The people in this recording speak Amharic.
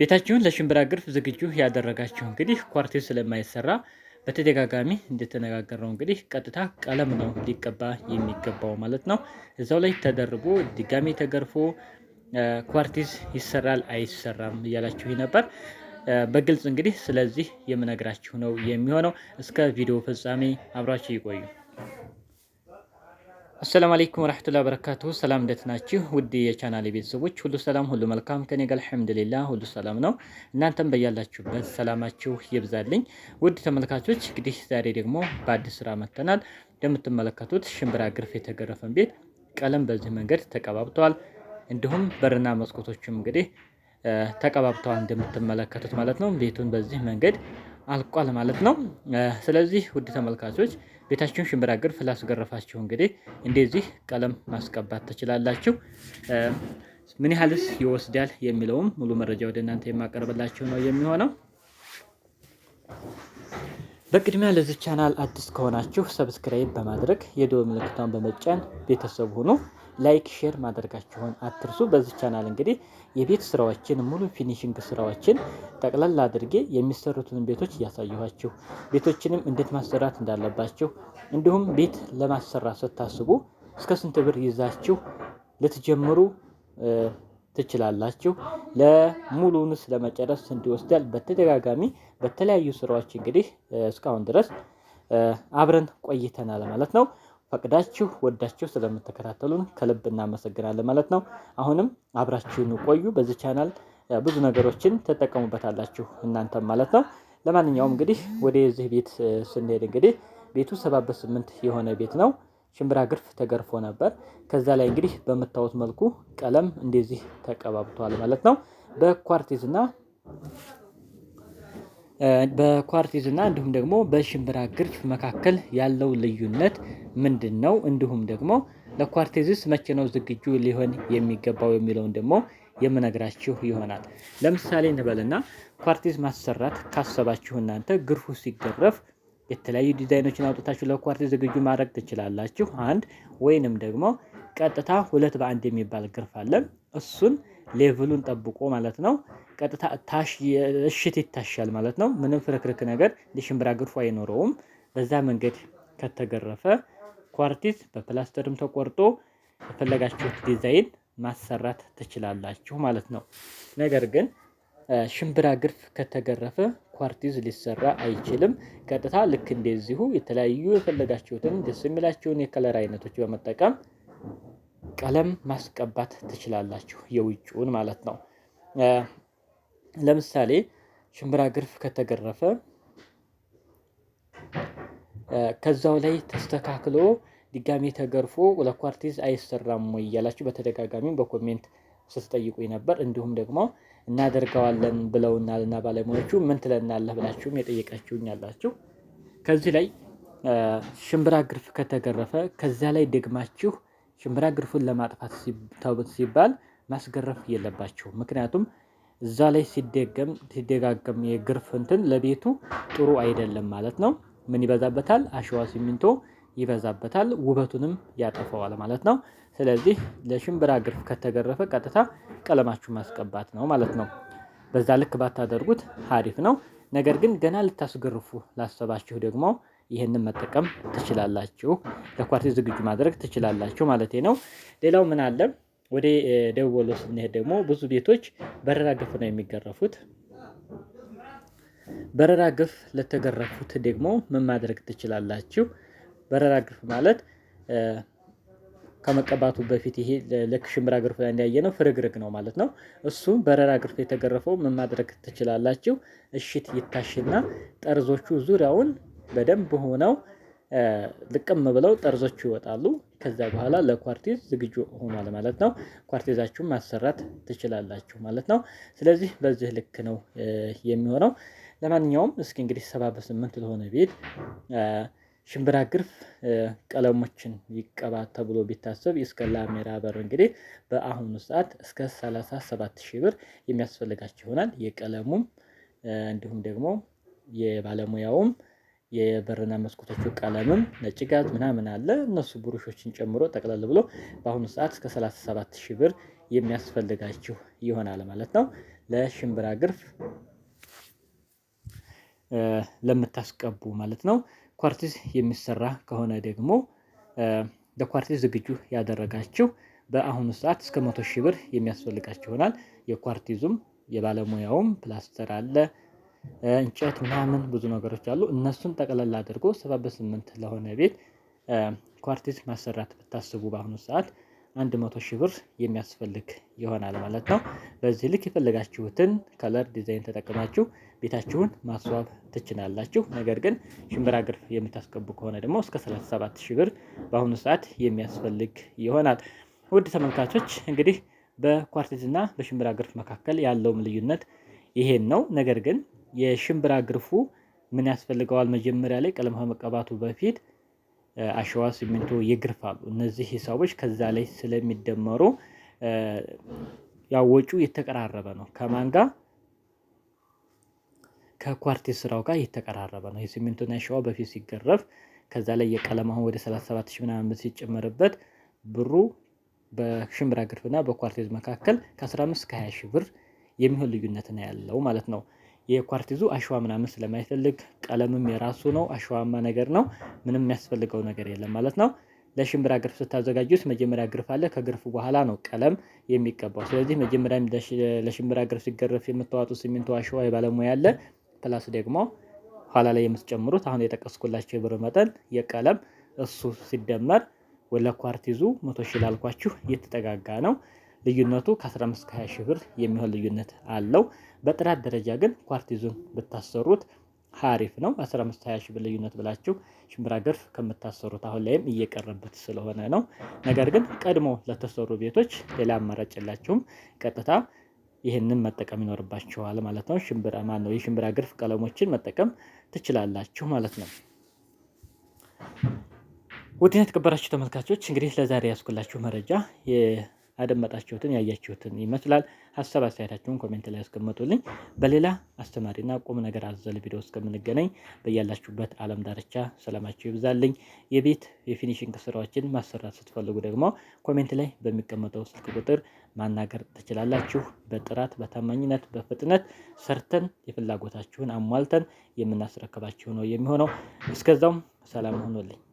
ቤታችሁን ለሽምብራ ግርፍ ዝግጁ ያደረጋችሁ እንግዲህ ኳርቲዝ ስለማይሰራ በተደጋጋሚ እንደተነጋገርነው እንግዲህ ቀጥታ ቀለም ነው ሊቀባ የሚገባው ማለት ነው። እዛው ላይ ተደርቦ ድጋሚ ተገርፎ ኳርቲዝ ይሰራል አይሰራም እያላችሁ ነበር። በግልጽ እንግዲህ ስለዚህ የምነግራችሁ ነው የሚሆነው። እስከ ቪዲዮ ፍጻሜ አብራችሁ ይቆዩ። አሰላሙ አለይኩም ወራህመቱላሂ ወበረካቱ። ሰላም እንደት ናችሁ? ውድ የቻናል ቤተሰቦች ሁሉ ሰላም ሁሉ መልካም ከኔ ጋር አልሐምዱሊላህ ሁሉ ሰላም ነው። እናንተም በያላችሁበት ሰላማችሁ ይብዛልኝ። ውድ ተመልካቾች እንግዲህ ዛሬ ደግሞ በአዲስ ስራ መጥተናል። እንደምትመለከቱት ሽምብራ ግርፍ የተገረፈን ቤት ቀለም በዚህ መንገድ ተቀባብተዋል። እንዲሁም በርና መስኮቶችም እንግዲህ ተቀባብተዋል እንደምትመለከቱት ማለት ነው። ቤቱን በዚህ መንገድ አልቋል ማለት ነው። ስለዚህ ውድ ተመልካቾች ቤታችሁን ሽምብራገር ፍላስ ገረፋችሁ እንግዲህ እንደዚህ ቀለም ማስቀባት ትችላላችሁ። ምን ያህልስ ይወስዳል የሚለውም ሙሉ መረጃ ወደ እናንተ የማቀርብላችሁ ነው የሚሆነው። በቅድሚያ ለዚህ ቻናል አዲስ ከሆናችሁ ሰብስክራይብ በማድረግ የደወል ምልክቷን በመጫን ቤተሰብ ሁኑ። ላይክ፣ ሼር ማድረጋችሁን አትርሱ። በዚህ ቻናል እንግዲህ የቤት ስራዎችን ሙሉ ፊኒሽንግ ስራዎችን ጠቅላላ አድርጌ የሚሰሩትን ቤቶች እያሳየኋችሁ ቤቶችንም እንዴት ማሰራት እንዳለባችሁ እንዲሁም ቤት ለማሰራት ስታስቡ እስከ ስንት ብር ይዛችሁ ልትጀምሩ ትችላላችሁ ለሙሉንስ ለመጨረስ ስንት ይወስዳል? በተደጋጋሚ በተለያዩ ስራዎች እንግዲህ እስካሁን ድረስ አብረን ቆይተናል ማለት ነው። ፈቅዳችሁ ወዳችሁ ስለምትከታተሉን ከልብ እናመሰግናለን ማለት ነው። አሁንም አብራችሁን ቆዩ። በዚህ ቻናል ብዙ ነገሮችን ትጠቀሙበታላችሁ እናንተም ማለት ነው። ለማንኛውም እንግዲህ ወደዚህ ቤት ስንሄድ እንግዲህ ቤቱ ሰባ በስምንት የሆነ ቤት ነው። ሽምብራ ግርፍ ተገርፎ ነበር። ከዛ ላይ እንግዲህ በምታዩት መልኩ ቀለም እንደዚህ ተቀባብቷል ማለት ነው በኳርቲዝና በኳርቲዝ እና እንዲሁም ደግሞ በሽምብራ ግርፍ መካከል ያለው ልዩነት ምንድን ነው? እንዲሁም ደግሞ ለኳርቲዝስ መቼ ነው ዝግጁ ሊሆን የሚገባው የሚለውን ደግሞ የምነግራችሁ ይሆናል። ለምሳሌ እንበልና ኳርቲዝ ማሰራት ካሰባችሁ እናንተ ግርፉ ሲገረፍ የተለያዩ ዲዛይኖችን አውጥታችሁ ለኳርቲዝ ዝግጁ ማድረግ ትችላላችሁ። አንድ ወይንም ደግሞ ቀጥታ ሁለት በአንድ የሚባል ግርፍ አለን እሱን ሌቭሉን ጠብቆ ማለት ነው ቀጥታ ታሽ እሽት ይታሻል ማለት ነው። ምንም ፍርክርክ ነገር ሽምብራ ግርፎ አይኖረውም። በዛ መንገድ ከተገረፈ ኳርቲዝ በፕላስተርም ተቆርጦ የፈለጋችሁት ዲዛይን ማሰራት ትችላላችሁ ማለት ነው። ነገር ግን ሽምብራ ግርፍ ከተገረፈ ኳርቲዝ ሊሰራ አይችልም። ቀጥታ ልክ እንደዚሁ የተለያዩ የፈለጋችሁትን ደስ የሚላችሁን የከለር አይነቶች በመጠቀም ቀለም ማስቀባት ትችላላችሁ። የውጭውን ማለት ነው። ለምሳሌ ሽምብራ ግርፍ ከተገረፈ ከዛው ላይ ተስተካክሎ ድጋሚ ተገርፎ ለኳርቲዝ አይሰራም ወይ እያላችሁ በተደጋጋሚ በኮሜንት ስትጠይቁ ነበር። እንዲሁም ደግሞ እናደርገዋለን ብለውናል እና ባለሙያዎቹ ምን ትለናለህ ብላችሁም የጠየቃችሁኝ አላችሁ። ከዚህ ላይ ሽምብራ ግርፍ ከተገረፈ ከዚያ ላይ ደግማችሁ ሽምብራ ግርፉን ለማጥፋት ሲባል ማስገረፍ የለባቸው። ምክንያቱም እዛ ላይ ሲደገም ሲደጋገም የግርፍ እንትን ለቤቱ ጥሩ አይደለም ማለት ነው። ምን ይበዛበታል? አሸዋ፣ ሲሚንቶ ይበዛበታል። ውበቱንም ያጠፋዋል ማለት ነው። ስለዚህ ለሽምብራ ግርፍ ከተገረፈ ቀጥታ ቀለማችሁ ማስቀባት ነው ማለት ነው። በዛ ልክ ባታደርጉት አሪፍ ነው። ነገር ግን ገና ልታስገርፉ ላሰባችሁ ደግሞ ይህንን መጠቀም ትችላላችሁ። ለኳርቲዝ ዝግጁ ማድረግ ትችላላችሁ ማለት ነው። ሌላው ምን አለ ወደ ደቡብ ወሎ ስንሄድ ደግሞ ብዙ ቤቶች በረራ ግፍ ነው የሚገረፉት። በረራ ግፍ ለተገረፉት ደግሞ ምን ማድረግ ትችላላችሁ? በረራ ግፍ ማለት ከመቀባቱ በፊት ይሄ ለክሽምራ ግርፍ ላይ እንዳየ ነው ፍርግርግ ነው ማለት ነው። እሱም በረራ ግርፍ የተገረፈው ምን ማድረግ ትችላላችሁ? እሽት ይታሽና ጠርዞቹ ዙሪያውን በደንብ ሆነው ልቅም ብለው ጠርዞቹ ይወጣሉ። ከዛ በኋላ ለኳርቲዝ ዝግጁ ሆኗል ማለት ነው። ኳርቲዛችሁን ማሰራት ትችላላችሁ ማለት ነው። ስለዚህ በዚህ ልክ ነው የሚሆነው። ለማንኛውም እስኪ እንግዲህ ሰባ በስምንት ለሆነ ቤት ሽምብራ ግርፍ ቀለሞችን ይቀባ ተብሎ ቢታሰብ እስከ ላሜራ በር እንግዲህ በአሁኑ ሰዓት እስከ 37 ሺህ ብር የሚያስፈልጋቸው ይሆናል። የቀለሙም እንዲሁም ደግሞ የባለሙያውም የበርና መስኮቶቹ ቀለምም ነጭ ጋዝ ምናምን አለ። እነሱ ብሩሾችን ጨምሮ ጠቅለል ብሎ በአሁኑ ሰዓት እስከ 37 ሺህ ብር የሚያስፈልጋችሁ ይሆናል ማለት ነው። ለሽምብራ ግርፍ ለምታስቀቡ ማለት ነው። ኳርቲዝ የሚሰራ ከሆነ ደግሞ ለኳርቲዝ ዝግጁ ያደረጋችሁ በአሁኑ ሰዓት እስከ መቶ ሺህ ብር የሚያስፈልጋችሁ ይሆናል። የኳርቲዙም የባለሙያውም ፕላስተር አለ። እንጨት ምናምን ብዙ ነገሮች አሉ። እነሱን ጠቅለል አድርጎ ሰባ በስምንት ለሆነ ቤት ኳርቲዝ ማሰራት ብታስቡ በአሁኑ ሰዓት አንድ መቶ ሺህ ብር የሚያስፈልግ ይሆናል ማለት ነው። በዚህ ልክ የፈለጋችሁትን ከለር ዲዛይን ተጠቅማችሁ ቤታችሁን ማስዋብ ትችላላችሁ። ነገር ግን ሽምብራ ግርፍ የምታስገቡ ከሆነ ደግሞ እስከ 37 ሺህ ብር በአሁኑ ሰዓት የሚያስፈልግ ይሆናል። ውድ ተመልካቾች እንግዲህ በኳርቲዝ እና በሽምብራ ግርፍ መካከል ያለውም ልዩነት ይሄን ነው። ነገር ግን የሽምብራ ግርፉ ምን ያስፈልገዋል? መጀመሪያ ላይ ቀለም ከመቀባቱ በፊት አሸዋ፣ ሲሚንቶ ይግርፋሉ። እነዚህ ሂሳቦች ከዛ ላይ ስለሚደመሩ ያወጩ የተቀራረበ ነው። ከማን ጋር? ስራው ጋር የተቀራረበ ነው። የሲሚንቶና አሸዋ በፊት ሲገረፍ ከዛ ላይ የቀለም አሁን ወደ 37 ሺህ ምናምን ሲጨመርበት ብሩ በሽምብራ ግርፍና በኳርቴዝ መካከል ከ15 ከ 20 ሺህ ብር የሚሆን ልዩነት ነው ያለው ማለት ነው። የኳርቲዙ አሸዋ ምናምን ስለማይፈልግ ቀለምም የራሱ ነው፣ አሸዋማ ነገር ነው። ምንም የሚያስፈልገው ነገር የለም ማለት ነው። ለሽምብራ ግርፍ ስታዘጋጁት መጀመሪያ ግርፍ አለ። ከግርፉ በኋላ ነው ቀለም የሚቀባው። ስለዚህ መጀመሪያ ለሽምብራ ግርፍ ሲገረፍ የምታዋጡ ሲሚንቶ፣ አሸዋ የባለሙያ አለ። ፕላስ ደግሞ ኋላ ላይ የምትጨምሩት አሁን የጠቀስኩላቸው የብር መጠን የቀለም እሱ ሲደመር ለኳርቲዙ መቶ ሺህ ላልኳችሁ የተጠጋጋ ነው። ልዩነቱ ከ15 ከ20 ሺህ ብር የሚሆን ልዩነት አለው። በጥራት ደረጃ ግን ኳርቲዙን ብታሰሩት ሀሪፍ ነው። 15 20 ሺህ ብር ልዩነት ብላችሁ ሽምብራ ገርፍ ከምታሰሩት አሁን ላይም እየቀረበት ስለሆነ ነው። ነገር ግን ቀድሞ ለተሰሩ ቤቶች ሌላ አማራጭ የላችሁም። ቀጥታ ይህንን መጠቀም ይኖርባችኋል ማለት ነው። ሽምብራ ማን ነው የሽምብራ ገርፍ ቀለሞችን መጠቀም ትችላላችሁ ማለት ነው። ውድነት የተከበራችሁ ተመልካቾች እንግዲህ ለዛሬ ያስኩላችሁ መረጃ ያደመጣችሁትን ያያችሁትን ይመስላል። ሀሳብ አስተያየታችሁን ኮሜንት ላይ ያስቀምጡልኝ። በሌላ አስተማሪና ቁም ነገር አዘል ቪዲዮ እስከምንገናኝ በያላችሁበት ዓለም ዳርቻ ሰላማችሁ ይብዛልኝ። የቤት የፊኒሽንግ ስራዎችን ማሰራት ስትፈልጉ ደግሞ ኮሜንት ላይ በሚቀመጠው ስልክ ቁጥር ማናገር ትችላላችሁ። በጥራት በታማኝነት በፍጥነት ሰርተን የፍላጎታችሁን አሟልተን የምናስረክባችሁ ነው የሚሆነው። እስከዛውም ሰላም ሆኖልኝ